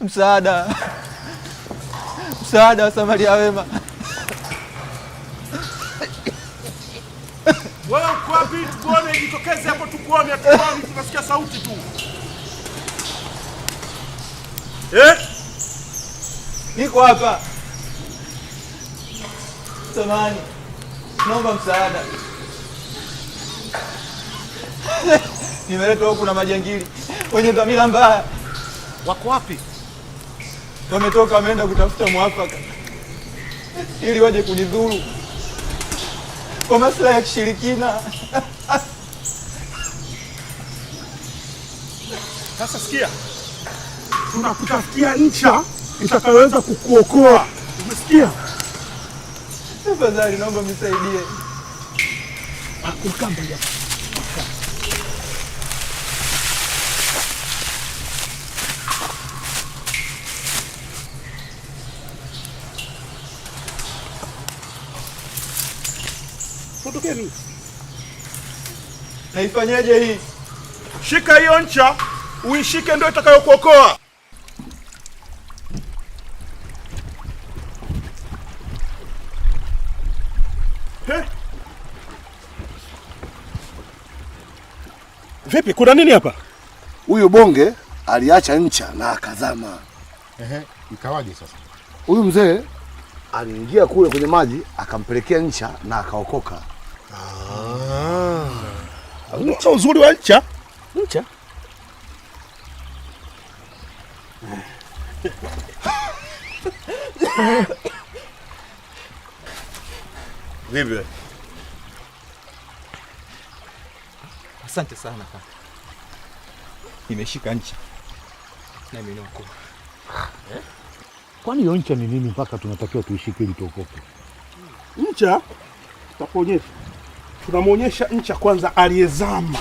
msaada, msaada wa Samaria wema. Wewe uko wapi? Tukuone, jitokeze hapo, tukuone, hatuoni, tunasikia sauti tu eh? Niko hapa samani, naomba msaada nimeletwa huku na majangili wenye dhamira mbaya. Wako wapi? wametoka wameenda kutafuta mwafaka ili waje kunidhuru kwa maslahi ya kishirikina. Sasa sikia, tunakutafutia ncha itakayoweza kukuokoa, umesikia? Tafadhali naomba msaidie. Kutokea mimi. Naifanyaje hii? Shika hiyo ncha, uishike ndio itakayokuokoa. Vipi, kuna nini hapa? Huyu bonge aliacha ncha na akazama. Ehe, ikawaje sasa? Huyu mzee aliingia kule kwenye maji akampelekea ncha na akaokoka. Ah. Uzuri wa ncha ncha Vipi? Asante sana kaka. Nimeshika ncha na minoko. Eh? Kwani hiyo ncha ni nini mpaka tunatakiwa tuishike ili tuokoke? Ncha? takuonyesha tunamwonyesha ncha kwanza, aliyezama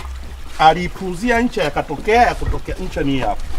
aliipuzia ncha, yakatokea ya kutokea ncha ni yapo